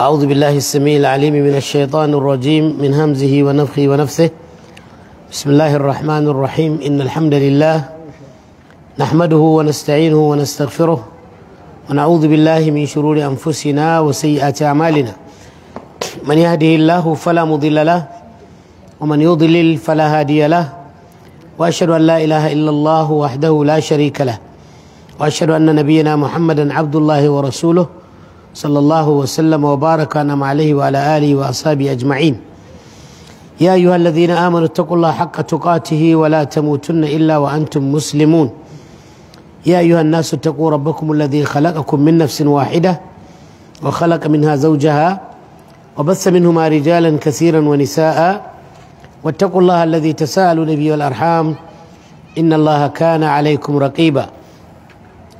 أعوذ بالله السميع العليم من الشيطان الرجيم من همزه ونفخه ونفسه بسم الله الرحمن الرحيم إن الحمد لله نحمده ونستعينه ونستغفره ونعوذ بالله من شرور أنفسنا وسيئات أعمالنا من يهده الله فلا مضل له ومن يضلل فلا هادي له وأشهد أن لا إله إلا الله وحده لا شريك له وأشهد أن نبينا محمدا عبد الله ورسوله صلى الله وسلم وبارك أنعم عليه وعلى آله وأصحابه أجمعين يا أيها الذين آمنوا اتقوا الله حق تقاته ولا تموتن إلا وأنتم مسلمون يا أيها الناس اتقوا ربكم الذي خلقكم من نفس واحدة وخلق منها زوجها وبث منهما رجالا كثيرا ونساء واتقوا الله الذي تساءلون به والأرحام إن الله كان عليكم رقيباً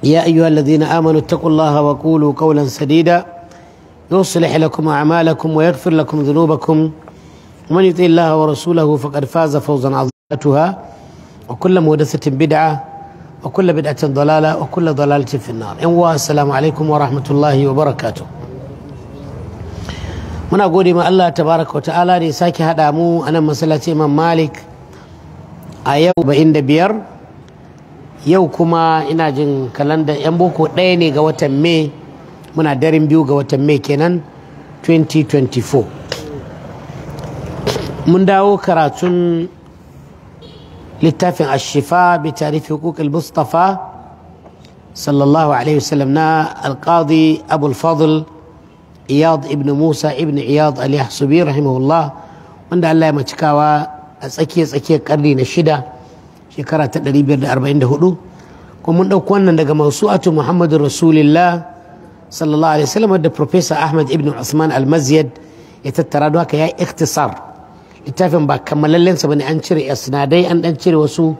يا أيها الذين آمنوا اتقوا الله وقولوا قولا سديدا يصلح لكم أعمالكم ويغفر لكم ذنوبكم ومن يطيع الله ورسوله فقد فاز فوزا عظيمتها وكل محدثة بدعة وكل بدعة ضلالة وكل ضلالة في النار السلام عليكم ورحمة الله وبركاته muna gode ma Allah tabaraka wa ta'ala da ya sake haɗa mu a nan masallaci Imam Malik a yau ba'in da biyar yau kuma ina jin kalanda 'yan boko ɗaya ne ga watan mai muna darin biyu ga watan mai kenan 2024 mun dawo karatun littafin ashifa bi tarifi hukukul mustafa sallallahu alaihi wasallam na alqadi abul fadl iyad ibn musa ibn iyad ali hasubi rahimahullah wanda allah ya macikawa a tsakiyar tsakiyar karni na shida shekara ta 544 kuma mun ɗauki wannan daga mausu'atu muhammadu rasulillah sallallahu alaihi wasallam da professor ahmad ibn usman maziyad ya tattara don haka ya yi iktisar littafin ba kammalallen ba ne an cire sinadai an dan cire wasu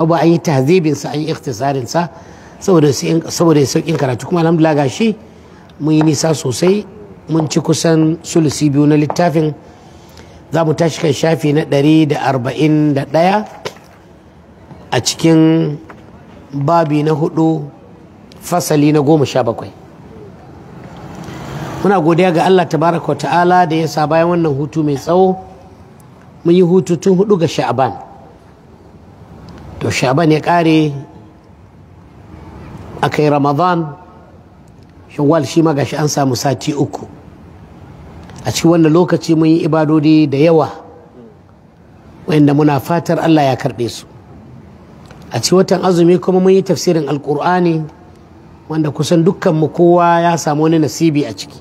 abu an yi tahzibin sa an yi iktisarin saboda saboda saukin karatu kuma alhamdulillah gashi mun yi nisa sosai mun ci kusan sulusi biyu na littafin za mu tashi kan shafi na 141 a cikin babi na hudu fasali na goma sha bakwai muna godiya ga allah tabaraka wa ta'ala da ya sa bayan wannan hutu mai tsawo mun yi hutu tun hudu ga sha'aban to sha'aban ya kare a yi ramadan shawwal shi ma gashi an samu sati uku a cikin wannan lokaci mun yi ibadodi da yawa wanda muna fatar Allah ya karɓe su a ci watan azumi kuma mun yi tafsirin alkur'ani wanda kusan dukkan mu kowa ya samu wani nasibi a ciki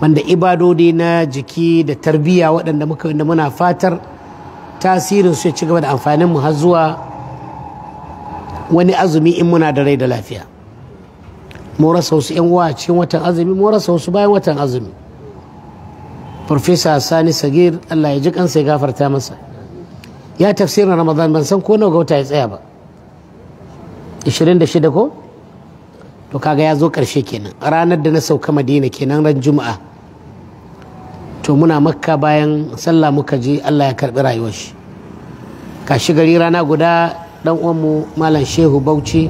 wanda ibadodi na jiki da tarbiyya waɗanda muka wanda muna fatar tasirin su ya ci gaba da amfaninmu har zuwa wani azumi in muna da rai da lafiya mu rasa wasu 'yan uwa cikin watan azumi mu rasa wasu bayan watan azumi farfesa sani sagir allah ya ji kansa ya gafarta masa ya tafsirin ramadan ban san ko nawa ga wata ya tsaya ba 26 ko to kaga ya zo ƙarshe kenan ranar da na sauka madina kenan ran juma'a to muna makka bayan sallah muka je allah ya karɓi rayuwar shi kashi gari rana guda dan uwanmu malam shehu bauchi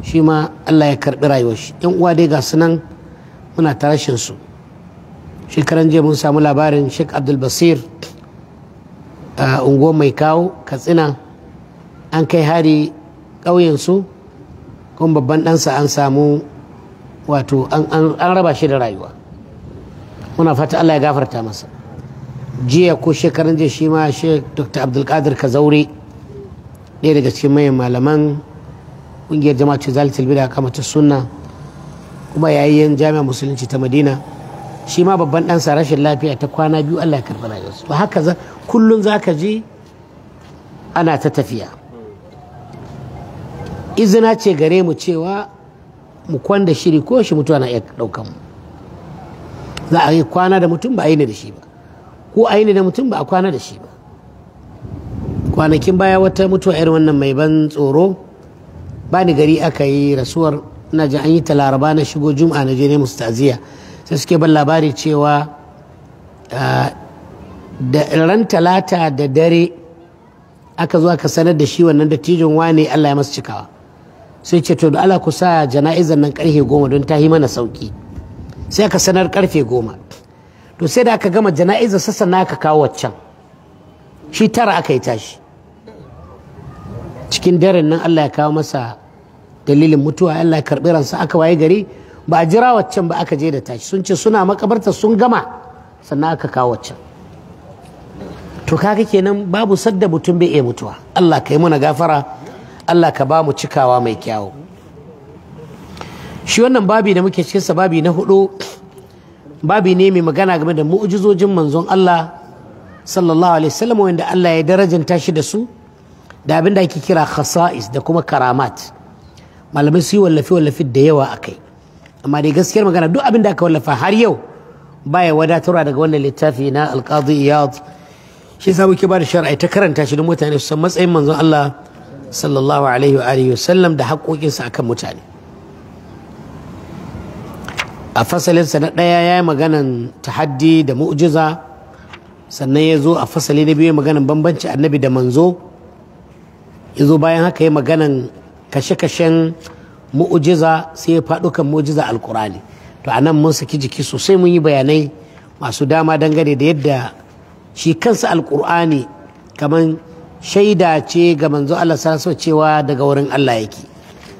shi ma allah ya karɓi rayuwar shi yan uwa dai ga su nan muna tarashin su shekaran jiya mun samu labarin sheik abdul basir a unguwar mai kawo katsina an kai hari ƙauyensu kuma babban ɗansa an samu wato an raba shi da rayuwa muna fata allah ya gafarta masa jiya ko shekarun jiya shi ma dr abdulkadir kazaure ɗaya daga cikin mayan malaman ƙungiyar jama'a ce zalitil da kamata sunna kuma yayin jami'a musulunci ta madina shi ma babban ɗansa rashin lafiya ta kwana biyu allah ya karɓi rayuwarsu to haka kullum za ka ji ana ta tafiya izina ce gare mu cewa mu kwanda shiri ko shi mutuwa na iya ɗaukan mu za a yi kwana da mutum ba a yi da shi ba ko a yi da mutum ba a kwana da shi ba kwanakin baya wata mutuwa irin wannan mai ban tsoro ba ni gari aka yi rasuwar na ji an yi ta laraba na shigo juma'a na je ne musu ta'aziyya sai suke ban labari cewa ah, da ran talata da dare aka zo aka sanar da shi wannan dattijon wane Allah ya masa cikawa sai ce to da Allah ku sa jana'izar nan karfe goma don ta yi mana sauki sai aka sanar karfe goma to sai da aka gama jana'izar sassan na aka kawo waccan shi tara aka yi tashi cikin daren nan Allah ya kawo masa dalilin mutuwa Allah ya karbi ransa aka waye gari ba a jira waccan ba aka je da tashi sun ce suna makabarta sun gama sannan aka kawo waccan to kaga kenan babu sadda mutum bai iya mutuwa Allah ka yi mana gafara Allah ka ba mu cikawa mai kyawu shi wannan babi da muke cikinsa babi na hudu babi ne mai magana game da mu'ujizojin manzon Allah sallallahu alaihi wasallam wanda Allah ya darajanta shi da su da abin da ake kira khasa'is da kuma karamat malamai su yi wallafe wallafe da yawa akai amma dai gaskiyar magana duk abin da aka wallafa har yau baya wadatarwa daga wannan littafi na alqadi iyad shi yasa muke ba da shar'ai ta karanta shi don mutane su san matsayin manzon Allah sallallahu alaihi wa alihi wasallam da haƙoƙinsa akan mutane a fasalinsa na ɗaya ya yi maganan tahaddi da mu'jiza sannan ya zo a fasali na biyu maganan bambanci annabi da manzo ya zo bayan haka ya maganan kashe-kashen mu'jiza sai ya faɗo kan mu'jiza alkurani to anan mun saki jiki sosai mun yi bayanai masu dama dangane da yadda shi kansa Alƙur'ani kamar shaida ce ga manzo Allah sarasa cewa daga wurin Allah yake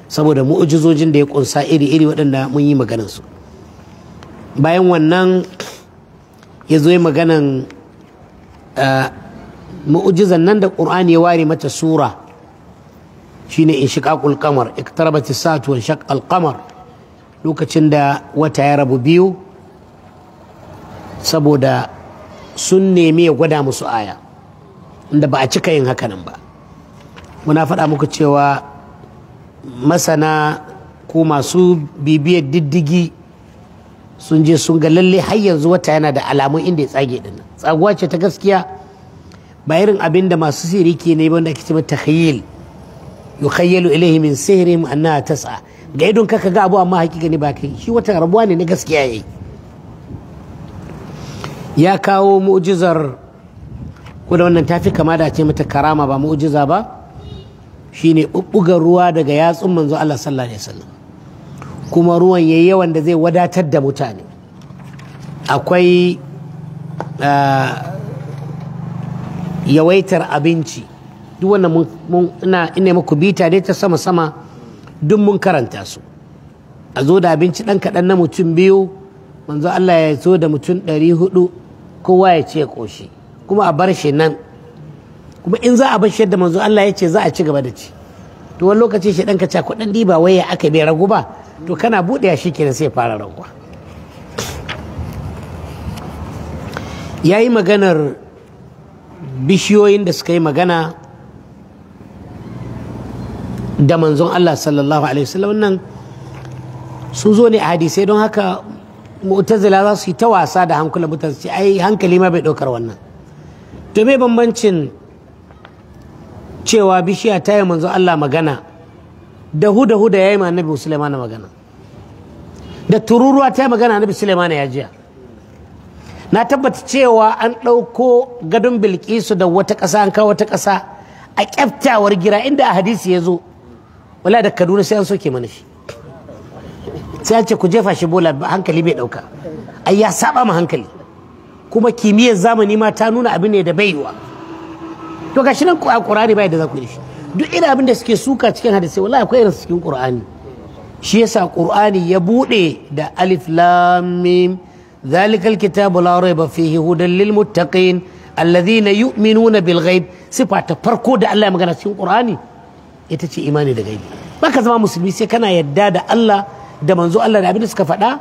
saboda mu'ujizojin da ya kunsa iri-iri waɗanda mun yi su bayan wannan ya zo maganan mu'ujizan nan da ƙur'ani ya ware mata sura shine in shiƙaƙul kamar iktarabati sa'atu wa shaqqal qamar lokacin da wata ya rabu biyu saboda sun nemi ya gwada musu aya inda ba a cika yin hakanan ba muna faɗa muku cewa masana ko masu bibiyar diddigi sun je sun ga lalle har yanzu wata yana da alamun inda ya tsage din tsaguwa ce ta gaskiya ba irin abin da masu sihiri ke ne wanda ake cewa takhayyil yukhayyalu ilayhi min sihrihim annaha tas'a ga idon kaka ga abu amma hakika ne ba kai shi wata rabuwa ne na gaskiya yayi ya kawo mu'jizar ko da wannan tafi kama da ce mata karama ba mu'jiza ba shine bubbugar ruwa daga yatsun manzo Allah sallallahu alaihi wasallam kuma ruwan yayi yawan da zai wadatar da mutane akwai ah, yawaitar abinci duk wannan mun ina ina muku bita ne ta sama sama duk mun karanta su a zo da abinci dan kaɗan na mutum biyu manzo Allah ya zo da mutum ɗari hudu kowa ya ce koshi kuma a bar shi nan kuma in za a bar shi yadda manzo Allah ya ce za a ci gaba da ci to wani lokaci shi ɗan ka ca kuɗin diba waya aka bai ragu ba to kana buɗe shi kenan sai fara raguwa ya yi maganar bishiyoyin da suka yi magana da manzon Allah sallallahu alaihi wasallam nan sun zo ne a hadisai don haka mu'tazila za su yi ta wasa da hankulan mutane su ai hankali ma bai ɗaukar wannan to me bambancin cewa bishiya ta yi manzo Allah magana da huda huda ya ma annabi Sulaiman magana da tururuwa ta yi magana annabi Sulaiman ya jiya na tabbata cewa an ɗauko gadon bilkisu da wata ƙasa an kawo wata ƙasa a ƙyaftawar gira inda a hadisi ya zo wala da kaduna sai an soke mana shi sai ce ku jefa shi bola hankali bai dauka ai ya saba ma hankali kuma kimiyyar zamani ma ta nuna abin ne da baiwa to gashi nan qur'ani bai da za ku yi shi duk irin abin da suke suka cikin hadisi wallahi akwai irin cikin qur'ani shi yasa qur'ani ya bude da alif lam mim zalikal kitabu la raiba fihi hudan lil muttaqin alladhina yu'minuna bil ghaib sifa ta farko da Allah ya magana cikin qur'ani ita ce imani da gaibi baka zama musulmi sai kana yadda da Allah da manzo Allah da abinda suka faɗa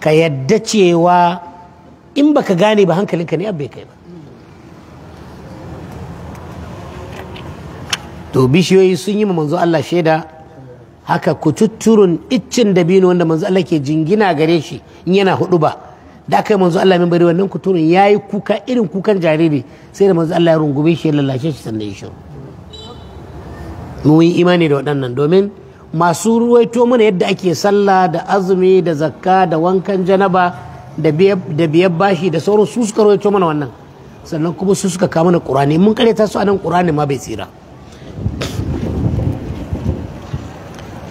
ka yadda cewa in baka gane ba hankalinka ne bai kai ba to bishiyoyi sun yi ma manzo Allah shaida haka kututturun iccin dabino wanda manzo Allah ke jingina gare shi in yana hudu ba da aka yi manzo Allah min bari wannan kuturun yayi kuka irin kukan jariri sai da manzo Allah ya rungume shi ya lallashe shi sannan ya shiru mun yi imani da waɗannan domin masu ruwaito mana yadda ake sallah da azumi da zakka da wankan janaba da biyar bashi da sauran su suka ruwaito mana wannan sannan kuma su suka kama na ƙurani mun karyata su a nan ƙurani ma bai tsira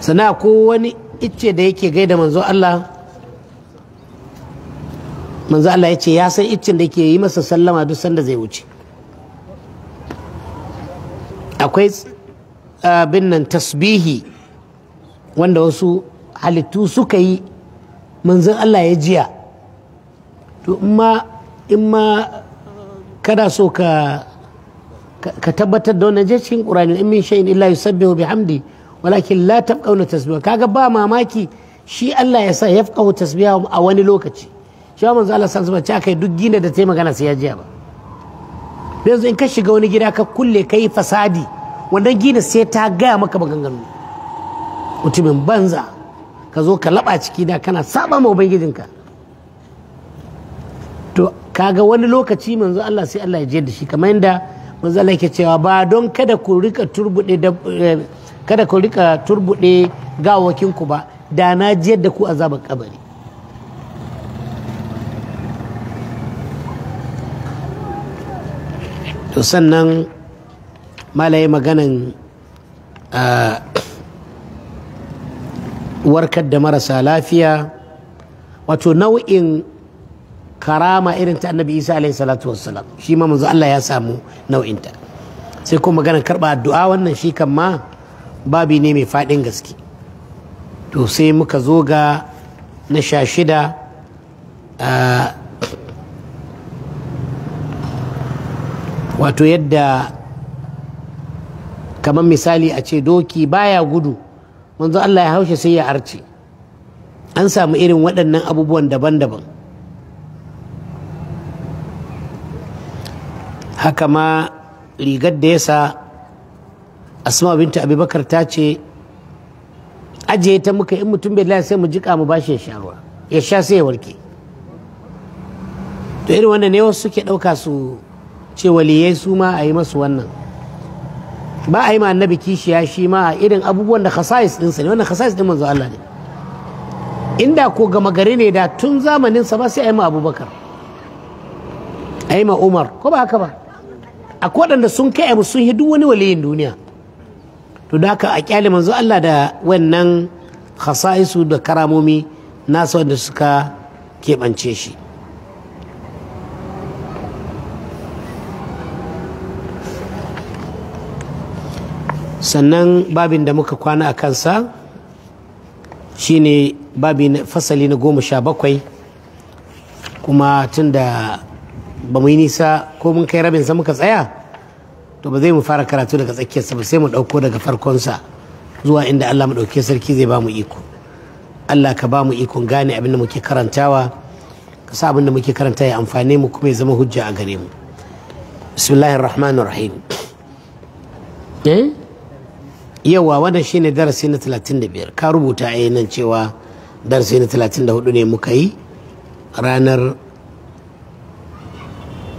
sannan ko wani icce da yake gaida manzo Allah manzo Allah ya ce ya san iccen da yake yi masa sallama duk sanda zai wuce akwai abin nan tasbihi wanda wasu halittu suka yi manzon Allah ya jiya to in ma kada so ka ka tabbatar da wannan cikin ƙur'ani in min shay'in illa yusabbihu bihamdi walakin la tafqahuna tasbiha kaga ba mamaki shi Allah ya sa yafqahu tasbiha a wani lokaci shi manzo Allah sallallahu alaihi wasallam duk gina da taimaka magana sai ya jiya ba yanzu in ka shiga wani gida ka kulle kai fasadi wannan gina sai ta gaya maka maganganu mutumin banza ka zo ka laba ciki da kana saba ma ubangijinka to kaga wani lokaci manzo Allah sai Allah ya je da shi kamar yadda manzo Allah yake cewa ba don kada ku rika turbude eh, kada ku rika turbude gawakin ku ba da na jiyar da ku azabar kabari to sannan malaye maganan ah, warkar da marasa lafiya wato nau'in karama irin ta annabi isa alaihi salatu wassalam shi ma manzo Allah ya samu nau'inta sai kuma magana karba addu'a wannan shi kan ma babi ne mai faɗin gaske to sai muka zo ga na sha shida wato yadda kamar misali a ce doki baya gudu manzo Allah ya haushe sai ya arce an samu irin waɗannan abubuwan daban-daban haka ma rigar da ya sa asma binta abubakar ta ce ajiye ta muka in mutum bai lafiya sai mu jika mu bashi ya sha ruwa ya sha sai ya warke to irin wannan ne wasu suke ɗauka su ce waliyai su ma a yi masu wannan ba a yi ma annabi kishiya shi ma a irin abubuwan da khasais sa ne wannan khasais din manzo Allah ne inda ko gama gari ne da tun zamanin sa ba sai a yi ma abubakar a yi ma umar ko ba haka ba a waɗanda sun kai abu sun yi duk wani waliyin duniya to da haka a kyale manzo Allah da wannan khasaisu da karamomi nasa wanda suka keɓance shi sannan babin da muka kwana a kansa shine babi fasali na goma sha bakwai kuma tun da ba mu yi nisa ko mun kai rabin sa muka tsaya to ba zai mu fara karatu daga tsakiyarsa ba sai mu ɗauko daga farkonsa zuwa inda allah mu ɗauke sarki zai ba mu iko allah ka ba mu ikon gane abin da muke karantawa ka sa abin da muke karanta ya amfane mu kuma ya zama hujja a gare mu bismillahir rahmanir rahim eh yawa wannan shine darasi na 35 ka rubuta a nan cewa darasi na 34 ne muka yi ranar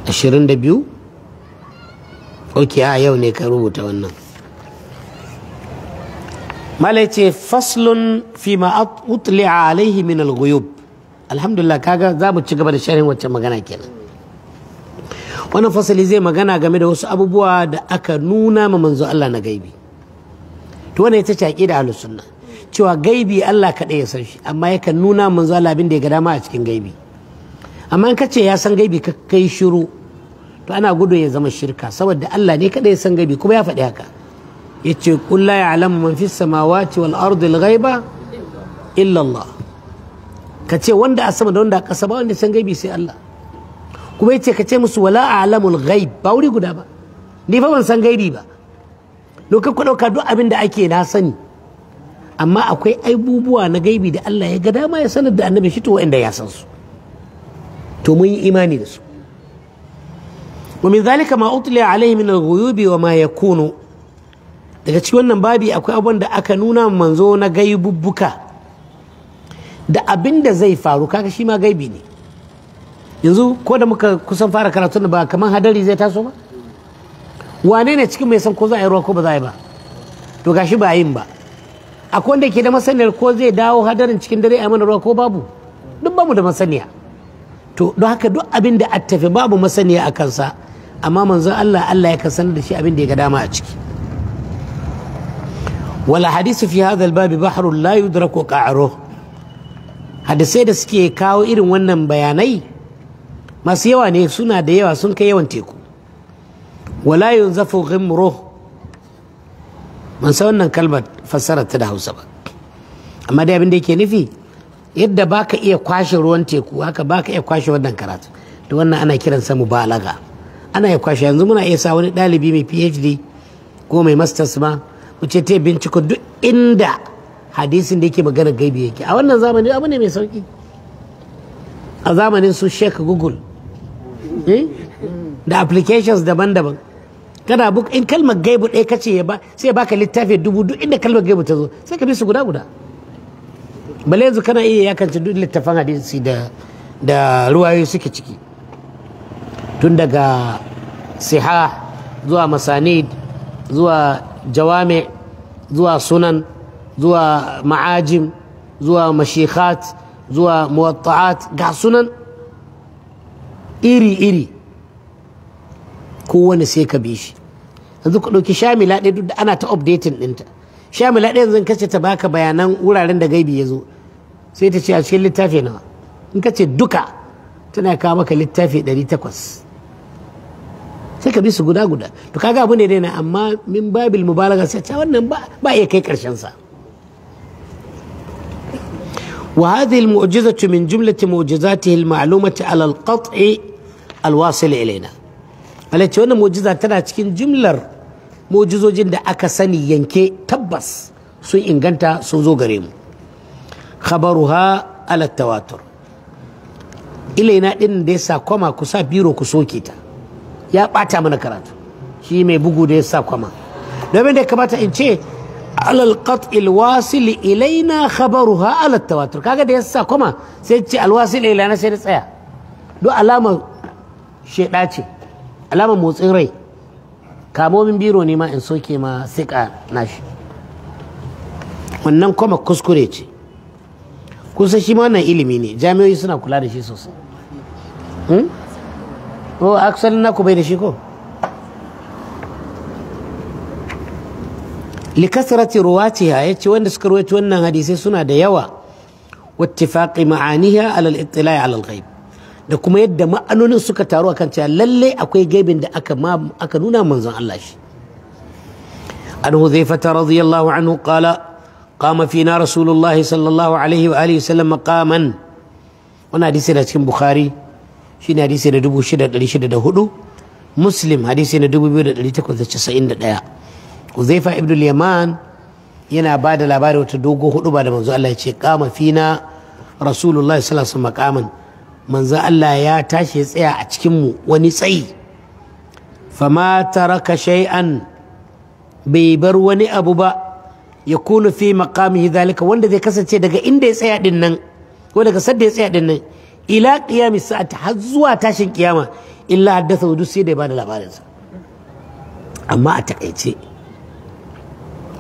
22 ok a yau ne ka rubuta wannan malai ce faslun fi ma a alaihi min al alhamdulillah kaga za mu ci gaba da sharhin wacce magana kenan wannan fasali zai magana game da wasu abubuwa da aka nuna ma manzo Allah na gaibi to wannan ita ce aqida ahlus sunna cewa gaibi Allah kaɗai ya san shi amma yakan nuna manzo Allah abin da ya ga dama a cikin gaibi amma in kace ya san gaibi ka kai shiru to ana gudu ya zama shirka saboda Allah ne kaɗai ya san gaibi kuma ya faɗi haka yace qul la ya'lamu man fis samawati wal ardi al ghaiba illa Allah kace wanda a sama da wanda a ƙasa ba wanda san gaibi sai Allah kuma yace kace musu wala a'lamul ghaib ba wuri guda ba ni fa ban san gaibi ba lokacin ku ɗauka duk abin da ake na sani amma akwai aibubuwa na gaibi da Allah ya ga dama ya sanar da annabi shi to wanda ya san su to mun yi imani da su wa min zalika ma utliya alaihi min alghuyubi wa ma yakunu daga cikin wannan babi akwai abin da aka nuna manzo na gaibubbuka da abin da zai faru kaga shi ma gaibi ne yanzu ko da muka kusan fara karatu ba kamar hadari zai taso ba wane ne cikin mai san ko za a yi ruwa ko ba za a yi ba to gashi ba yin ba akwai wanda ke da masaniyar ko zai dawo hadarin cikin dare a mana ruwa ko babu duk bamu da masaniya to don haka duk abin da attafe babu masaniya a kansa amma manzon Allah Allah ya kasan da shi abin da ya ga dama a ciki wala hadisu fi hadha albab bahrun la yudraku qa'ruh hadisai da suke kawo irin wannan bayanai masu yawa ne suna da yawa sun kai yawan teku wala yunzafu ghimru ban san wannan kalmar fassarar ta da Hausa ba amma dai abin da yake nufi yadda baka iya kwashe ruwan teku haka baka iya kwashe wannan karatu Da wannan ana kiran sa mubalaga ana iya kwashe yanzu muna iya sa wani ɗalibi mai PhD ko mai masters ma mu ce ta binciko duk inda hadisin da yake magana gaibi yake a wannan zamani abu ne mai sauki a zamanin su sheik google da applications daban-daban kana buk in kalmar gaibu ɗaya kace ce ba sai baka littafi dubu duk inda kalmar gaibu ta zo sai ka bi su guda guda bale yanzu kana iya yakance duk littafan hadisi da da ruwayoyi suke ciki tun daga siha zuwa masanid zuwa jawame zuwa sunan zuwa ma'ajim zuwa mashikhat zuwa muwatta'at ga sunan iri iri kowane sai ka bi shi yanzu ku ɗauki shamila ɗaya duk da ana ta updating ɗinta shamila ɗaya yanzu kace ta baka bayanan wuraren da gaibi ya zo sai ta ce a cikin littafi nawa in ka ce duka tana kawo maka littafi ɗari takwas sai ka bi su guda guda to kaga abu ne dai na amma min babil mubalaga sai ta wannan ba iya kai karshen sa وهذه المعجزة من جملة معجزاته المعلومة على القطع الواصل إلينا alaice wannan mujiza tana cikin jimlar mujizojin da aka sani yanke tabbas sun inganta sun zo gare mu khabaruha ala tawatur ilaina din da yasa kwama ku sa biro ku soke ta ya bata mana karatu shi mai bugu da yasa kwama domin da kamata in ce alal qat'il wasil ilaina khabaruha ala tawatur kaga da yasa kwama sai ce alwasil ilaina sai da tsaya duk alama sheda ce alamar motsin rai kamomin biro ne ma in soke ma sika nashi wannan kuma kuskure ce kusa shi ma wannan ilimi ne jami'oyi suna kula da shi sosai hmm? o na ku bai da shi ko likasarati ruwatiha ya ce wanda suka ruwaito wannan hadisai suna da yawa wattifaqi ma'aniha alal ittila'i alal ghaib da kuma yadda ma'anonin suka taru akan cewa lalle akwai gaibin da aka nuna manzon Allah shi an huzaifata radiyallahu anhu qala qama fina rasulullah sallallahu alaihi wa alihi sallam maqaman wannan hadisi da cikin bukhari shine hadisi da hudu muslim hadisi na 2891 huzaifa ibn al-yaman yana ba da labari wata dogo hudu ba da manzo Allah ya ce qama fina rasulullah sallallahu alaihi wa sallam maqaman manzo Allah ya tashi tsaya a cikinmu wani tsayi fama taraka shay'an bai bar wani abu ba ya kunu fi maqamihi zalika wanda zai kasance daga inda ya tsaya din nan ko daga sadda ya tsaya din nan ila qiyami sa'ati har zuwa tashin kiyama illa haddatha wudu sai da ba da labarinsa amma a takaice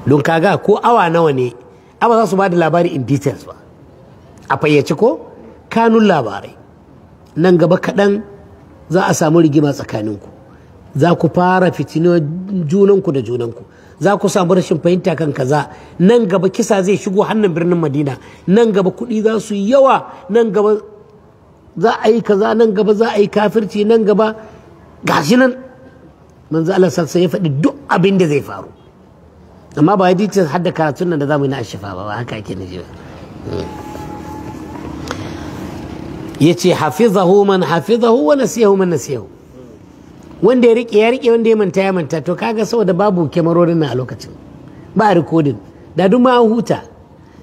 don kaga ko awa nawa ne amma za su ba da labari in details ba a fayyace ko kanun labarai nan gaba kaɗan za a samu rigima tsakaninku za ku fara fitino junanku da junanku za ku samu rashin fahimta kan kaza nan gaba kisa zai shigo hannun birnin madina nan gaba kuɗi za su yi yawa nan gaba za a yi kaza nan gaba za a yi kafirci nan gaba shi nan manzo Allah sassa ya faɗi duk abin da zai faru amma ba ya dace haddaka karatun nan da zamu yi na ashifa ba haka ake nufi ba hmm. yace hafizahu man hafizahu wa nasiyahu man nasiyahu wanda ya rike ya rike wanda ya manta ya manta to kaga saboda babu kyamarorin na a lokacin ba rikodin da duk ma huta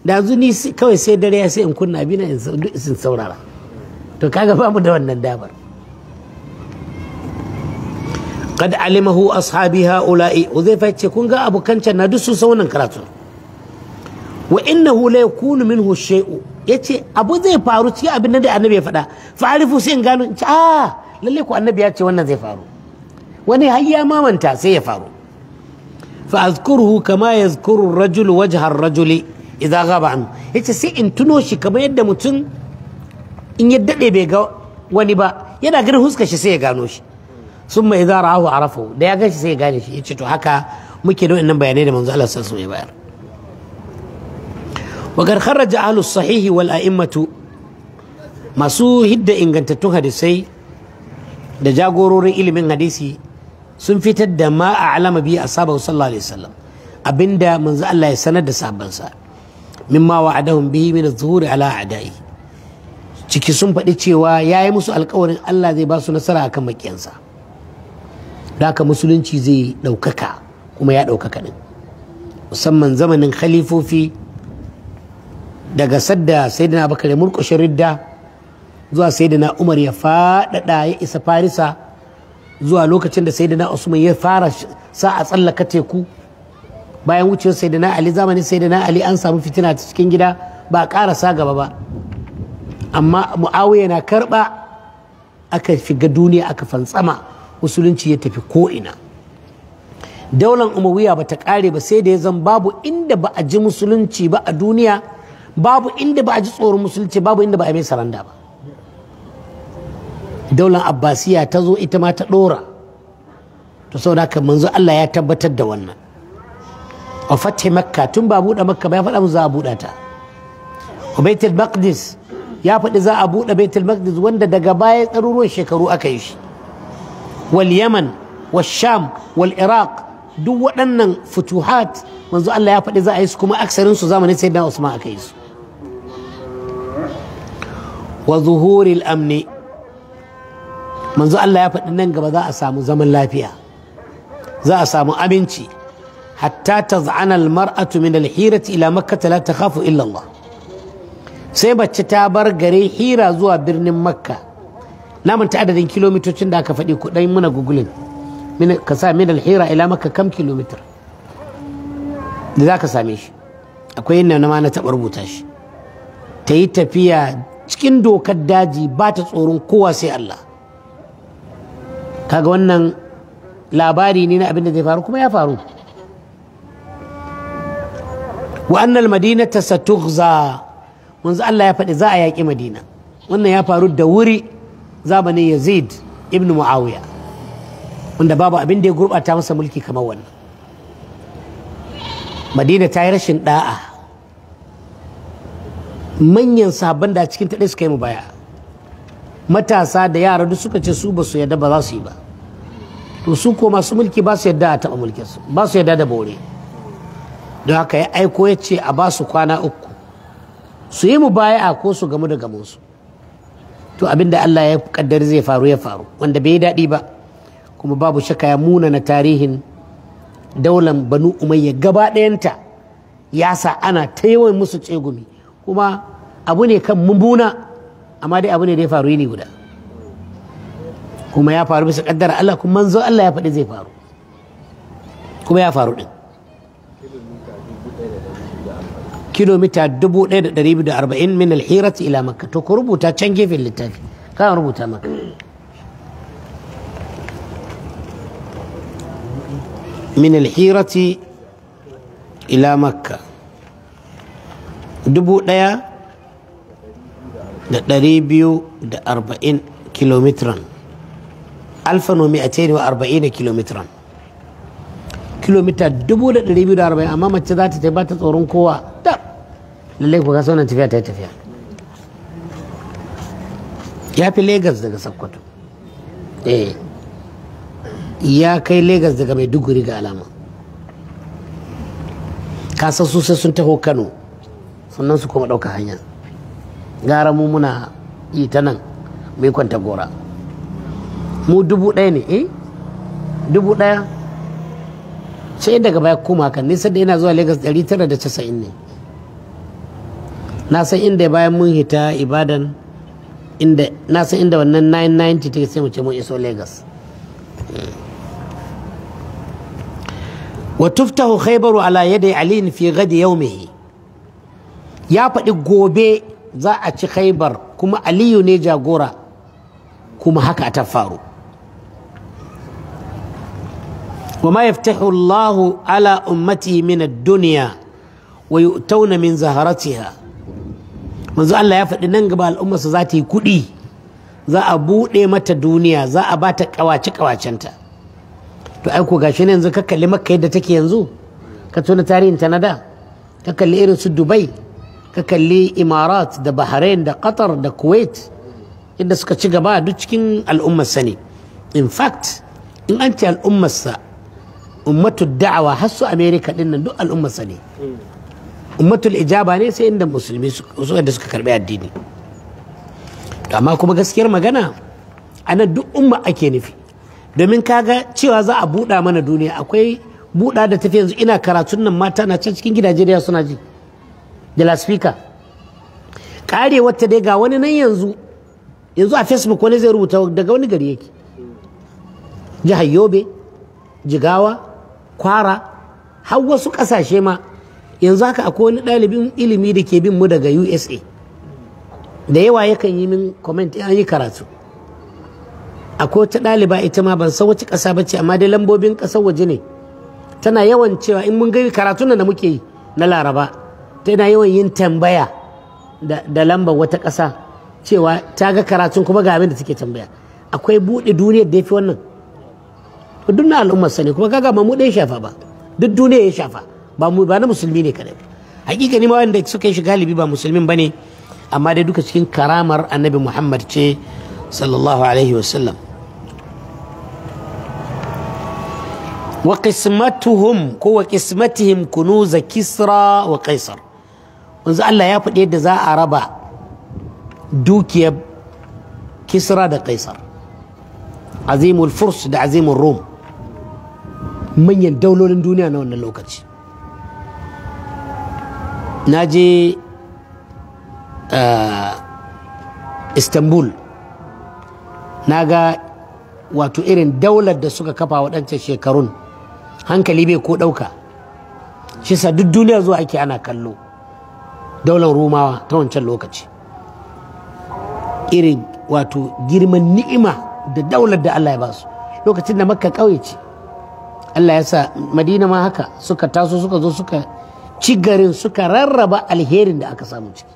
da ni kawai sai dare ya sai in kunna na in saurara to kaga bamu da wannan damar قد علمه أصحابي هؤلاء وذيفة تكون أبو dusu نادس سونا wa وإنه لا يكون منه الشيء yace abu zai faru cikin abin da annabi ya faɗa fa'arifu sai in gano a ah, lalle ku annabi ya ce wannan zai faru wani har ya mamanta sai ya faru fa azkuruhu kama yazkuru rajulu wajhar rajuli idza ghaba an yace sai in tuno shi kamar yadda mutum in ya dade bai ga wani ba yana ganin huskar shi sai ya gano shi summa idza ra'ahu arafu da ya ga sai ya gane shi yace to haka muke da wannan bayanai da manzo Allah sallallahu alaihi wasallam ya bayar wagar kharaja ahlu sahihi wal a'immatu masu hidda ingantattun hadisai da jagororin ilimin hadisi sun fitar da ma a alama biyu a sabon sallallahu alaihi wasallam abinda manzo Allah ya sanar da sabansa mimma wa'adahum bihi biyu adh-dhuhuri ala a da'i ciki sun faɗi cewa yayi musu alƙawarin Allah zai ba su nasara akan makiyansa da haka musulunci zai ɗaukaka kuma ya ɗaukaka din musamman zamanin khalifofi daga sadda sayyidina bakar ya murkushe ridda zuwa na umar ya faɗaɗa ya isa farisa zuwa lokacin da na usman ya fara sa a tsallaka teku bayan wucewar na ali zamani zamanin na ali an samu fitina ta cikin gida ba a sa gaba ba amma muawiya na karɓa aka shiga duniya aka fantsama musulunci ya tafi ko'ina daular umawiya ba ta ƙare ba sai da ya zan babu inda ba a ji musulunci ba a duniya babu inda ba a ji tsoron musulunci babu inda ba a mai saranda ba daular abbasiya ta zo ita ma ta ɗora to sau haka manzo Allah ya tabbatar da wannan a fatai makka tun ba buɗe makka ba ya faɗa mu za a buɗe ta a baitul maqdis ya faɗi za a buɗe baitul maqdis wanda daga baya tsaruruwan shekaru aka yi shi wal yaman wal sham wal iraq duk waɗannan futuhat manzo Allah ya faɗi za a yi su kuma aksarin su zamanin sayyidina Usman aka yi su Wazuhuril zuhuril amni manzo Allah ya faɗi nan gaba za a samu zaman lafiya za a samu aminci hatta ta al-mar'atu min al-hirati ila makkah la takhafu illa Allah sai mace ta bar gare hira zuwa birnin makka na manta adadin kilomitocin da aka faɗi kuɗai muna gugulin ka sa min al ila makka kam kilomitar da za ka same shi akwai yin na ma na taɓa rubuta shi ta yi tafiya cikin dokar daji ba ta tsoron kowa sai Allah kaga wannan labari ne na abin da zai faru kuma ya faru wa annal madinata satughza manzo Allah ya faɗi za a yaƙi madina wannan ya faru da wuri zamanin yazid ibn muawiya wanda babu abin da ya gurɓata masa mulki kamar wannan madina ta yi rashin ɗa'a manyan sabon da cikin taɗe suka yi mu baya matasa da yara duk suka ce su ba su yadda ba za su yi ba to su ko masu mulki ba su yadda a taɓa mulkinsu ba su yadda da bore don haka ya aiko ya ce a ba su kwana uku su yi mu baya a ko su gamu da gamunsu to abin da Allah ya kaddari zai faru ya faru wanda bai yi daɗi ba kuma babu shaka ya muna na tarihin daular banu umayya gaba ɗayanta ya sa ana ta yawan musu tsegumi kuma abu ne kan mumbuna amma dai abu ne da ya faru ne guda kuma ya faru bisa kaddara Allah kuma manzo Allah ya faɗi zai faru kuma ya faru din kilomita arba'in min alhirat ila makka to ku rubuta can gefen littafi ka rubuta maka min alhirat ila makka dubu ɗaya da ɗari biyu da arba'in kilomitran alfanomi a ce wa arba'in da kilomitran kilomita dubu da ɗari biyu da arba'in amma mace za ta ba ta tsoron kowa da lallai ku kasa wannan tafiya ta yi tafiya ya fi Legas daga sakkwato eh ya kai Legas daga maiduguri ga alama kasar su sai sun taho kano sannan su kuma ɗauka hanya gara mu muna yi ta nan mai kwanta gora mu dubu ɗaya ne eh dubu ɗaya sai daga baya koma kan nisa da yana zuwa lagos 990 ne na san inda bayan mun hita ibadan inda na san inda wannan 990 ta sai mu ce mun iso lagos tuftahu khaybaru ala يد ali fi ghadi yawmihi ya faɗi gobe za a ci khaibar kuma aliyu ne jagora kuma haka ta faru ala يفتح الله على أمته من tauna min من زهرتها Wanzu Allah ya faɗi nan gaba كدي za a buɗe mata duniya za a ba ta ƙawace-ƙawacenta to aiko gashi ne yanzu ka kalli makka yadda take yanzu ka tuna tarihin ta na da ka kalli irin su dubai ka kalli imarat da bahrain da qatar da kuwait inda suka ci gaba duk cikin al'ummarsa ne in fact in an ce al'ummarsa ummatul da'awa har su america din nan duk al'ummarsa ne ummatul ijaba ne sai inda musulmi suka da suka karbi addini amma kuma gaskiyar magana ana duk umma ake nufi domin kaga cewa za a buɗa mana duniya akwai buɗa da tafi yanzu ina karatun nan mata na can cikin gidaje da suna ji da laspika karewar ta dai ga wani nan yanzu yanzu a facebook wani zai rubuta daga wani gari yake jihar yobe jigawa kwara har wasu kasashe ma yanzu haka akwai wani ɗalibin ilimi da ke bin mu daga usa da yawa yakan yi min comment an yi karatu akwai wata ɗaliba ita ma ban san wace ƙasa ba ce amma dai lambobin ƙasar waje ne tana yawan cewa in mun gani karatun da muke yi na laraba tana yawan yin tambaya da lambar wata ƙasa cewa ta ga karatun kuma ga abin da take tambaya akwai buɗe duniyar da ya fi wannan to duk na al'ummar sani kuma kaga ba mu ɗaya shafa ba duk duniya ya shafa ba na musulmi ne kadai hakika ni ma wanda suka yi shi galibi ba musulmin bane amma dai duka cikin karamar annabi muhammad ce sallallahu alaihi wasallam wa qismatuhum ko wa qismatihim kunuza kisra wa qaisar manzo Allah ya faɗi da za a raba dukiyar kisra da kaisar azimul furs da azimul rom manyan daulolin duniya na wannan lokaci na je eh, istanbul na ga wato irin daular da suka kafa waɗancan shekarun hankali bai ko ɗauka shi sa duk duniya zuwa ake ana kallo daular rumawa ta wancan lokaci irin wato girman ni'ima da daular da Allah ya basu lokacin da makka ƙauye ce Allah ya sa madina ma haka suka taso suka zo suka ci garin suka rarraba alherin da aka samu ciki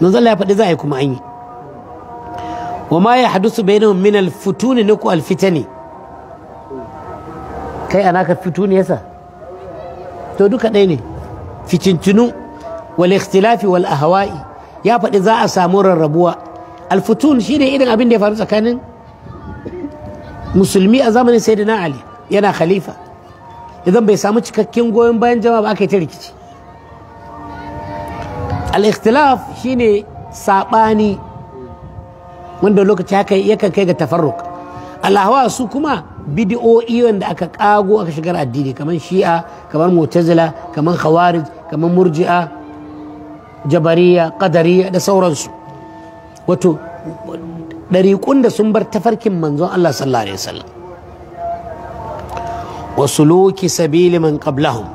manzo Allah ya faɗi za a yi kuma an yi wa ma ya hadusu bainahum min al-futuni naku al-fitani kai ana ka fituni yasa to duka ɗaya ne fitintinu wal ikhtilafi wal ya faɗi za a samu rarrabuwa alfutun shine irin abin da ya faru tsakanin musulmi a zamanin sayyidina ali yana khalifa idan bai samu cikakken goyon bayan jama'a ba aka yi ta rikici al-ikhtilaf shine sabani wanda lokaci haka yakan kai ga tafarruk al-ahwa su kuma bid'o'i wanda aka kago aka shigar addini kamar shi'a kamar mu'tazila kamar khawarij kamar murji'a jabariya kadariya da sauransu wato ɗariƙun da sun bar tafarkin manzon Allah sallallahu alaihi wasallam wasu loki sabili man qablahum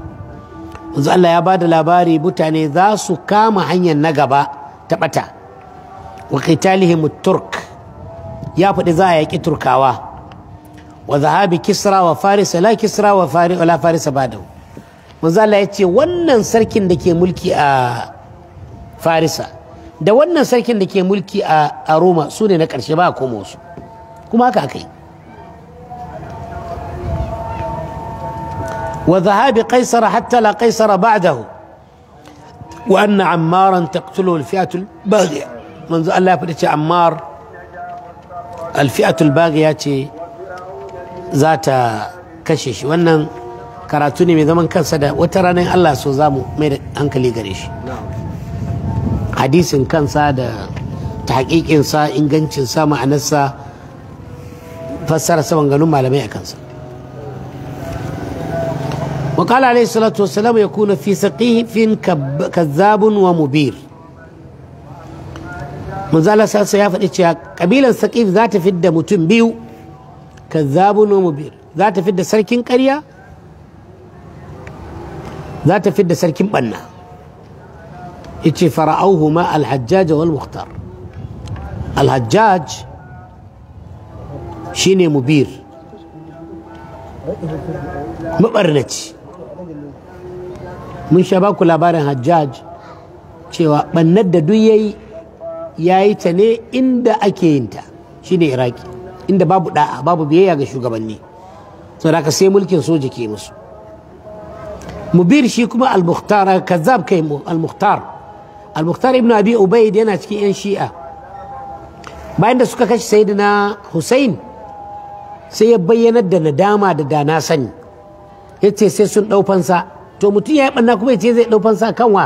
manzon Allah ya bada labari mutane za su kama hanyar na gaba ta bata wa qitalihim turk ya faɗi za a yaƙi turkawa wa zahabi kisra wa farisa la kisra wa farisa ba manzon Allah ya ce wannan sarkin da ke mulki a farisa da wannan sarkin da ke mulki a roma su ne na ƙarshe ba koma wasu kuma haka aka yi wa zahabi kaisara hatta la kaisara ba'dahu wa anna ammaran taqtulu al-fi'atu al-baghiya manzo Allah ya fada ce ammar al-fi'atu al-baghiya ce za ta kashe shi wannan karatu ne mai zaman kansa da wata ranar Allah so zamu mai da hankali gare shi hadisin kansa da ingancin ingancinsa ma'anarsa fassara saman ganin malamai a kansa وقال عليه الصلاة والسلام يكون في سقيف كذاب ومبير من ذلك سأسا يافد إتشاك قبيلا سقيف ذات فد متنبيو كذاب ومبير ذات فد سركين ta ذات فد سركين ɓanna. yace fara'auhuma huma hajjaj wal mukhtar al-hajjaj mubir mabarnaci mun sha baku labarin hajjaj cewa bannar da duk yayi yi ta ne inda ake yin ta shine iraki inda babu da'a babu biyayya ga shugabanni sadaka ka sai mulkin soja ke musu mubir shi kuma al-mukhtar kazzab kai al-mukhtar al-mukhtar ibn abi ubaid yana cikin yan shi'a bayan da suka kashe sayyidina hussein sai ya bayyanar da nadama da dana sani yace sai sun ɗau fansa to mutum ya yi kuma ya ce zai ɗau fansa kan wa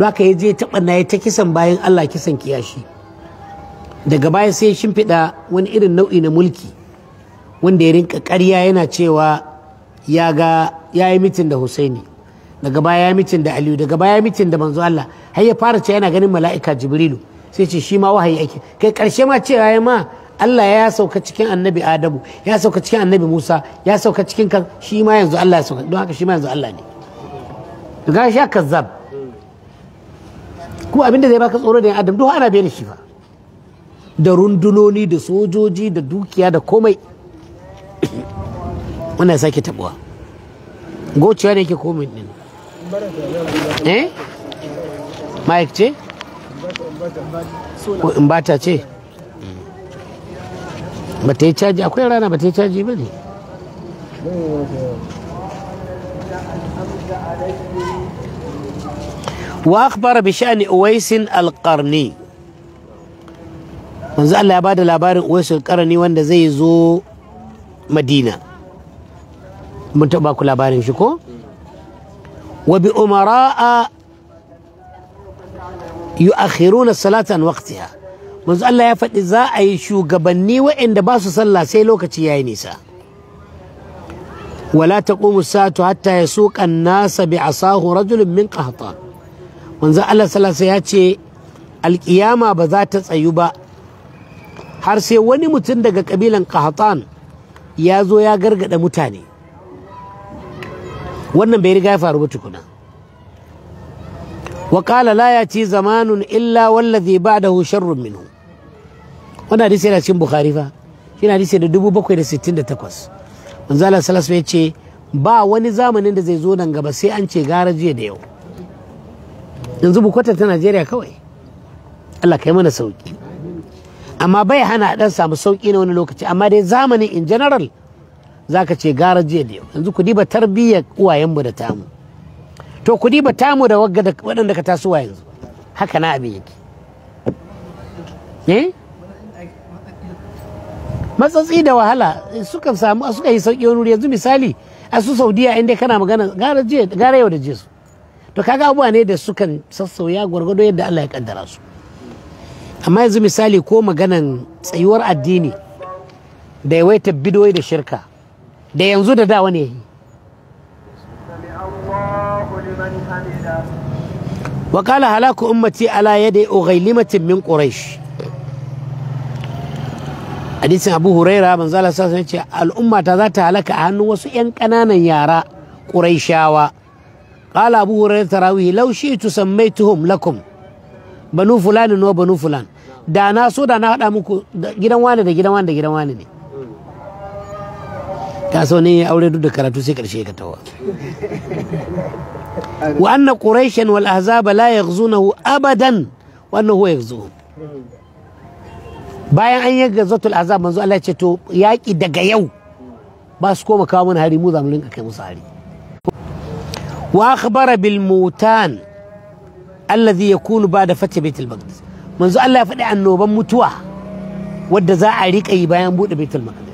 don haka ya je ta ɓanna ya ta kisan bayan allah kisan kiyashi daga baya sai ya shimfiɗa wani irin nau'i na mulki wanda ya rinka ƙarya yana cewa ya ga ya yi mitin da husaini daga baya mitin da aliyu daga baya mitin da manzo Allah har ya fara cewa yana ganin mala'ika jibrilu sai ce shi ma wahayi ake kai karshe ma cewa ya ma Allah ya sauka cikin annabi Adamu ya sauka cikin annabi Musa ya sauka cikin kan shi ma yanzu Allah ya sauka don haka shi ma yanzu Allah ne daga shi aka kazzab kuma abinda zai baka tsoro da yan Adam duk ana bayar shi fa da rundunoni da sojoji da dukiya da komai wannan sake tabuwa gocewa ne yake komai din eh mike ce ko in bata ce ba ta yi caji akwai rana ba ta yi caji ba ne wa bi sha'ani uwaisin alƙarni manzo Allah ya bada labarin uwaisin karani wanda zai zo madina mun taɓa ku labarin shi ko وبأمراء يؤخرون الصلاة عن وقتها manzo Allah ya faɗi za a yi shugabanni waɗanda ba su sallah sai lokaci ya yi nisa wala taqumu sa'atu hatta yasuqa an-nasa bi asahu rajulun min qahtan manzo Allah sallallahu ya ce alkiyama ba za ta tsayu ba har sai wani mutum daga kabilan qahtan ya zo ya gargada mutane wannan bai riga ya faru ba tukuna wa qala la yati zamanun illa wallazi ba'dahu sharrun minhu wannan hadisi yana cikin bukhari fa yana hadisi da 768 manzo Allah sallallahu ya ce ba wani zamanin da zai zo nan gaba sai an ce gara jiya da yau yanzu bukwata ta Najeriya kawai Allah kai mana sauki amma bai hana dan samu sauki na wani lokaci amma dai zamanin in general za ka ce gara jiya da yau yanzu ku diba tarbiyyar uwayenmu da tamu to ku diba tamu da waɗanda ka tasowa yanzu haka na abin yake eh? matsatsi da wahala suka samu suka yi sauƙi wani yanzu misali a su saudiya inda kana magana gara yau da jesu to kaga abuwa ne da sukan sassauya gwargwado yadda allah ya kaddara su amma yanzu misali ko maganan tsayuwar addini da yawaitar bidoyi da shirka da yanzu da dawa ne wa halaku ummati ala yadi ughailimatin min quraish hadisin abu huraira manzo Allah sallallahu alaihi wasallam ce al'umma ta za ta halaka a hannun wasu yan ƙananan yara quraishawa قال أبو laushi تراويه mai tuhum lakum لكم بنو فلان وبنو فلان da na so da na haɗa muku gidan wane da gidan wane da gidan wane ne ta so ne ya aure duk da karatu sai karshe ka tawa wa anna quraishan wal ahzab la yaghzunahu abadan wa annahu yaghzuhum bayan an yi gazatul azab manzo Allah ya ce to yaki daga yau ba su koma kawo mana hari mu za mu rinka kai musu hari wa akhbara bil mutan alladhi yakunu ba'da fath baitul maqdis manzo Allah ya faɗi annoban mutuwa wadda za a riƙa yi bayan buɗe baitul maqdis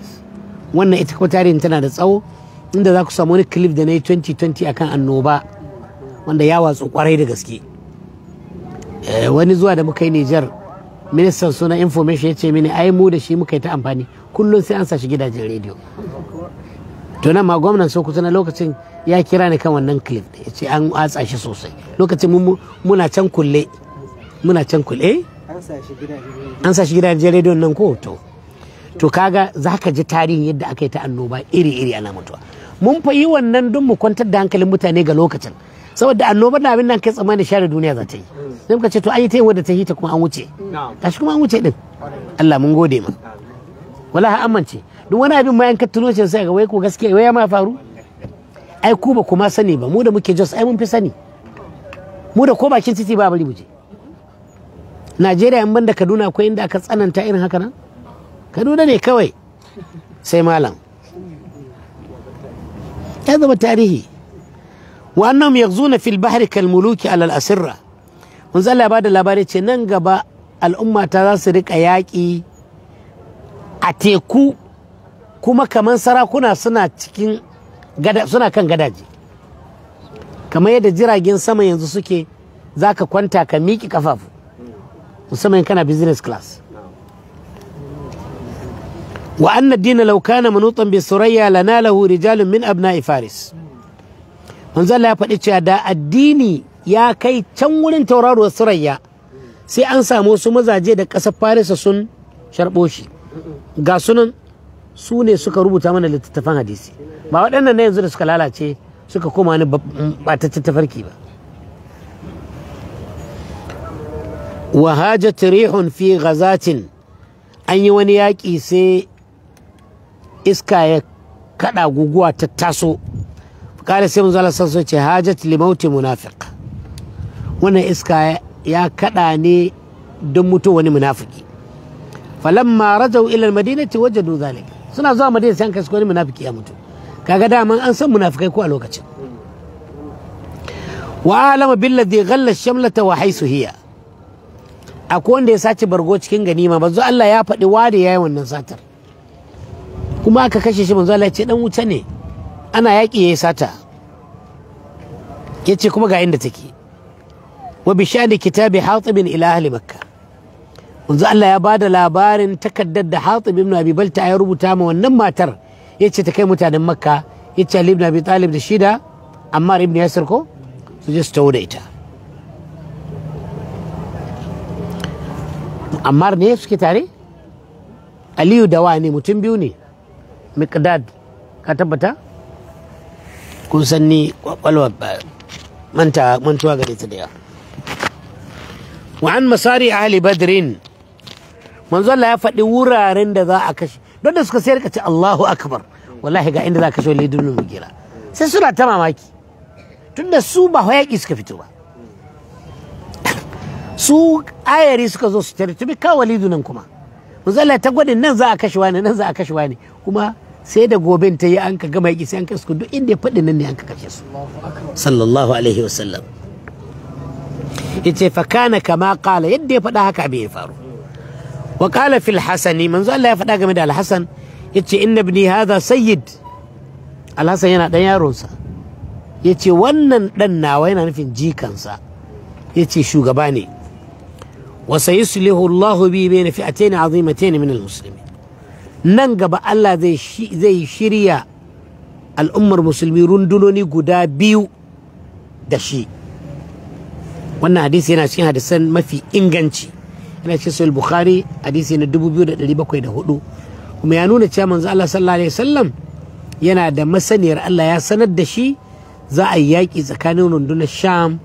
wannan ita kuma tarihin tana da tsawo inda za ku samu wani clip da na yi 2020 akan annoba wanda ya watsu kwarai da gaske eh, wani zuwa da muka yi Nijar ministan suna information ya ce mini ai mu da shi muka yi ta amfani kullum sai an sa shi gidajen rediyo to nan ma gwamnan kusa na lokacin ya kira ni kan wannan clip ya ce an atsa shi sosai lokacin muna can kulle muna can kulle eh? an sa gidajen rediyo nan ko to kaga za ka ji tarihin yadda aka yi ta annoba iri-iri ana mutuwa mun fa yi wannan don mu kwantar da hankalin mutane ga lokacin saboda annobar na abin nan kai tsammanin share duniya za ta yi sai muka ce to an yi ta yi wadda ta yi ta kuma an wuce gashi kuma an wuce din Allah mun gode ma wala ha amince duk wani abin ma yan kattuno ce sai ga wai ko gaskiya wai ya ma faru ai ku ba kuma sani ba mu da muke jos ai mun fi sani mu da ko bakin titi ba bari mu je Najeriya in banda Kaduna akwai inda aka tsananta irin haka nan kaduna ne kawai sai malam ya zama tarihi wannan ya zuna fil bahri kalmuluki alal asirra mun zalla ba da labari ce nan gaba al'umma ta za su rika yaƙi a teku kuma kamar sarakuna suna cikin suna kan gadaji kamar yadda jiragen sama yanzu suke za ka kwanta ka miƙi kafafu musamman kana business class wa laukana dina law kana manutan bi surayya lanalahu rijalun min abna'i faris manzo Allah ya faɗi cewa da addini ya kai can wurin tauraruwar surayya sai an samu wasu mazaje da ƙasar farisa sun sharɓo shi ga sunan su ne suka rubuta mana littattafan hadisi ba waɗannan na yanzu da suka lalace suka koma ni ɓataccen tafarki ba wahajat rihun fi ghazatin an yi wani yaƙi sai iska ya kada guguwa ta taso kare sai manzo Allah sallallahu ce hajat mauti munafiq wannan iska ya kada ne don mutu wani munafiki falamma rajau ila almadinati wajadu zalika suna zuwa madina sai an kai wani munafiki ya mutu kaga daman an san munafikai ko a lokacin wa alama billadhi ghalla shamlata wa haisu hiya akwai wanda ya sace bargo cikin ganima manzo Allah ya faɗi wa da yayi wannan satar kuma aka kashe shi manzo Allah ya ce dan wuta ne ana yaƙi yayi sata yace kuma ga inda take wa bi shani kitabi Hatib ila ahli Makka manzo Allah ya bada labarin takaddar da Hatib ibn Abi Balta ya rubuta ma wannan matar yace ta kai mutanen Makka yace Ali ibn Abi Talib da shida Ammar ibn Yasir ko su je su tawo da ita Ammar ne suke tare Aliyu da ne mutum biyu ne Mikdad ka tabbata kun san ni kwakwalwa manta mantuwa gare ta daya yawa wa an masari ahli badrin manzo Allah ya faɗi wuraren da za a kashe don da suka sayar ka Allahu akbar wallahi ga inda za ka kashe wali mugira sai suna ta mamaki tunda su ba hayaki suka fito ba su ayari suka zo su tare tumi ka walidu kuma manzo Allah ta gwadin nan za a kashe wani nan za a kashe wani kuma sai da goben ta yi an ka gama yaki sai an ka su duk inda ya faɗi nan ne an ka kashe su sallallahu alaihi wasallam yace ce fakana kama kala yadda ya faɗa haka abin ya faru wa kala fil hasani manzo Allah ya faɗa game da al ya yace inna bini hadha sayyid al yana ɗan yaronsa Ya ce wannan ɗan nawa yana nufin jikansa Ya yace shugaba ne وسيصلح a به بين فئتين عظيمتين minal musulmi. nan gaba Allah zai shirya al'ummar musulmi rundunoni guda biyu da shi wannan hadisi yana cikin hadisan mafi inganci yana cikin sahih bukhari hadisi na 2704 kuma ya nuna cewa manzo Allah sallallahu alaihi wasallam yana da masaniyar Allah ya sanar da shi za a yaƙi tsakanin rundunar sham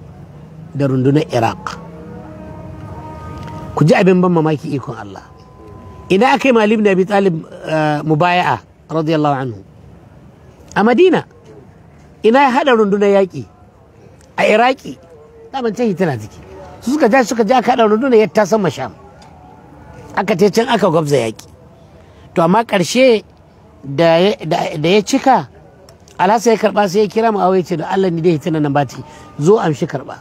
da rundunar iraq ku ji abin ban mamaki ikon Allah idan aka yi malim da abi talib mubaya'a radiyallahu anhu a madina ina ya haɗa rundunar yaƙi a iraki daman can hitana ciki su suka ja suka ja aka haɗa rundunar ya ta sama sham aka te can aka gwabza yaƙi to amma ƙarshe da ya cika alhasa ya karɓa sai ya kira mu awai ce da allah ni dai na nan bati zo amshi karɓa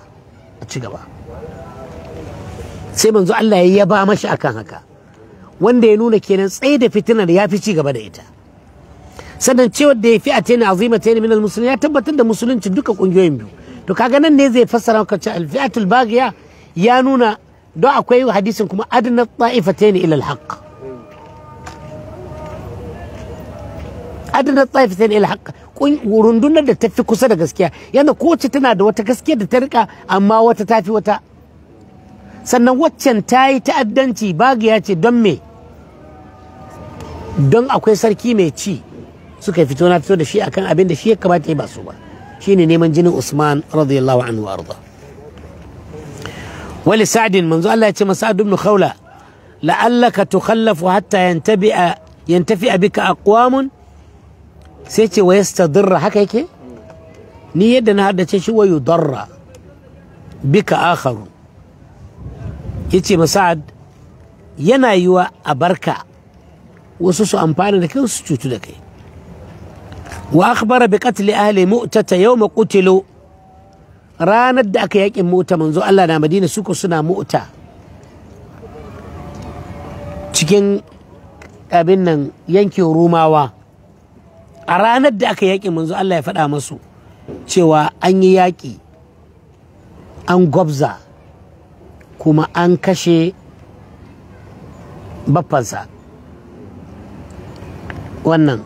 a ci gaba sai manzo allah ya ba mashi akan haka wanda ya nuna kenan tsaye da fitinar ya fi ci gaba da ita sannan cewar da ya fi atene azimatene min almuslimin ya tabbatar da musulunci duka kungiyoyin biyu to kaga nan ne zai fassara maka cewa alfi'atul baghiya ya nuna don akwai hadisin kuma adna ta'ifatayn ila alhaq adna ta'ifatayn ila alhaq rundunar da fi kusa da gaskiya yana kowace tana da wata gaskiya da ta rika amma wata fi wata sannan waccan ta yi ta'addanci bagiya ce don me don akwai sarki mai ci suka fito na fito da shi akan abin da shi ya kamata ya ba su ba shine neman jinin Usman radiyallahu anhu arda wali sa'din manzo Allah ya ce masa sa'd ibn khawla la'allaka tukhallafu hatta yantabi yantafi bika aqwamun sai ce wa yastadirra haka yake ni yadda na ce shi wa yudarra bika akharu yace masa'ad yana yiwa a barka wasu su amfana da kai su cutu da kai wa akhbara bi qatli ahli mu'tata yawma qutilu ranar da aka yakin mota manzo Allah na Madina suka suna mu'ta cikin abin nan yankin Rumawa a ranar da aka yaƙi manzo Allah ya faɗa musu cewa an yi yaƙi an gwabza kuma an kashe baffansa wannan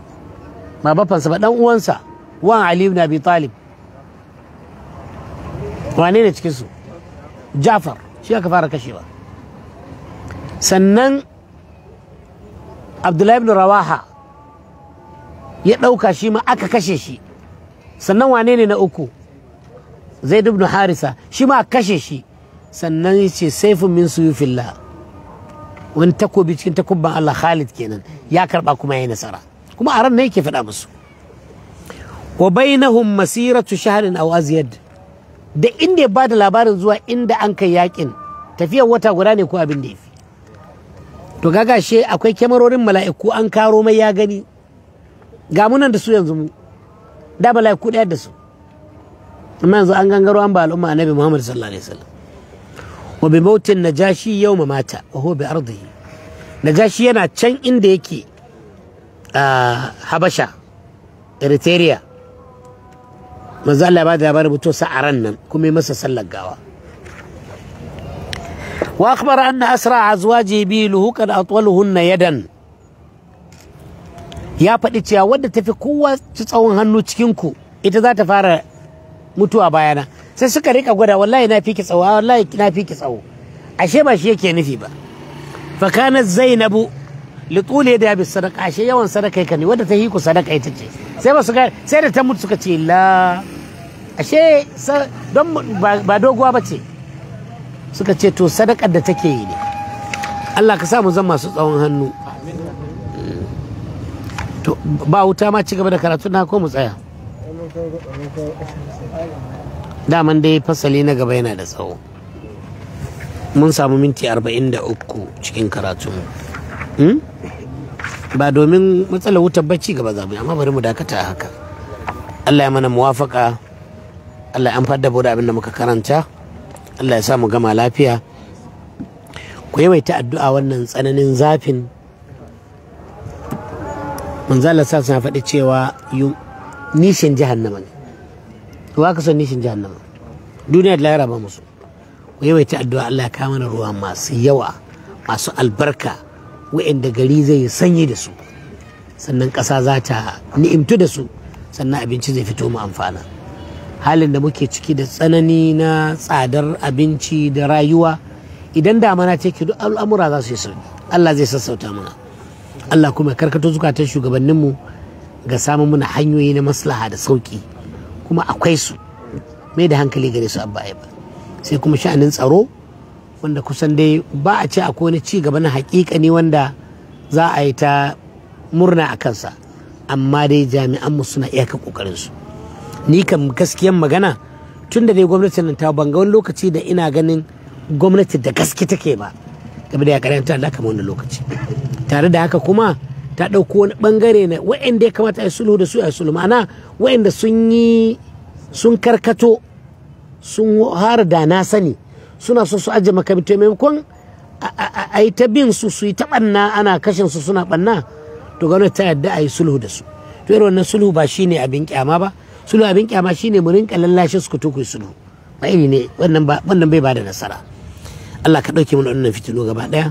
babafansa ba dan uwansa wan ali ibn abi talib wane ne cikinsu jafar shi aka fara kashewa sannan abdullahi ibn rawaha ya ɗauka shi ma aka kashe shi sannan wane ne na uku zaid ibn harisa shi ma kashe shi sannan ya ce saifin min suyufillah wani takobi cikin takubban Allah Khalid kenan ya karba kuma yayi nasara kuma a ran ne yake faɗa musu wa bainahum masiratu shahrin aw azyad da inda ya bada labarin zuwa inda an kai yakin tafiyar wata guda ne ko abin da yafi to gagashe akwai kyamarorin mala'iku an karo mai ya gani ga munan da su yanzu mu da mala'iku ɗaya da su amma yanzu an gangaro an ba al'umma annabi Muhammad sallallahu alaihi wasallam wa bi mautin najashi yau mata wa huwa bi ardihi najashi yana can inda yake habasha eritrea manzo Allah ba da labarin mutu sa'aran nan kuma yi masa sallar gawa wa akhbara anna asra azwaji bi luhukan atwaluhunna yadan ya faɗi cewa wadda tafi kowa ci tsawon hannu cikin ku ita zata fara mutuwa bayana sai suka rika gwada wallahi na fi ki tsawo wallahi na fi ki tsawo ashe ba shi yake nufi ba fa kana zainabu li tuli da bi sadaka ashe yawan sadaka kai ne wanda ta hiku sadaka ita ce sai ba su ga sai da ta mutu suka ce la ashe don ba doguwa ba ce suka ce to sadakar da take yi ne Allah ka sa mu zama masu tsawon hannu to ba wuta ma ci gaba da karatu na ko mu tsaya daman dai fasali na gaba yana da tsawo mun samu minti 43 cikin karatu hmm? ba domin matsala wutar bacci gaba zabi amma bari mu dakata haka Allah ya mana muwafaka Allah ya amfar da bude abin da muka karanta Allah ya sa mu gama lafiya ku yi yawaita addu'a wannan tsananin zafin manzala sa suna faɗi cewa nishin na ne to ka san nishin jahannama duniya da lahira ba musu yawaita addu'a Allah ya kawo mana ruwa masu yawa masu albarka da gari zai yi sanyi da su sannan ƙasa za ta ni'imtu da su sannan abinci zai fito mu amfana halin da muke ciki da tsanani na tsadar abinci da rayuwa idan damana ce take duk al'amura za su yi sauki Allah zai sassauta mana Allah kuma karkato zukatan shugabanninmu ga samun mana hanyoyi na maslaha da sauki kuma akwai su mai da hankali gare su abba ba sai kuma sha'anin tsaro wanda kusan dai ba a ce akwai wani ci gaba na hakika ne wanda za a yi ta murna a kansa amma dai jami'an mu suna iyaka kokarin su ni kam gaskiyan magana tun da dai gwamnati nan ta banga wani lokaci da ina ganin gwamnati da gaske take ba game da ya karanta da aka wani lokaci tare da haka kuma ta ɗauko wani ɓangare na waɗanda ya kamata a sulhu da su a sulhu ma'ana waɗanda sun yi sun karkato sun har da na sani suna so su ajiye makamito maimakon a yi ta bin su su yi ta ɓanna ana kashin su suna ɓanna to gano ta yadda a yi sulhu da su to irin wannan sulhu ba shine abin kyama ba sulhu abin kyama shine mu rinka lallashe su ku to sulhu ba ne wannan bai ba da nasara Allah ka ɗauke mana wannan fitilu gaba ɗaya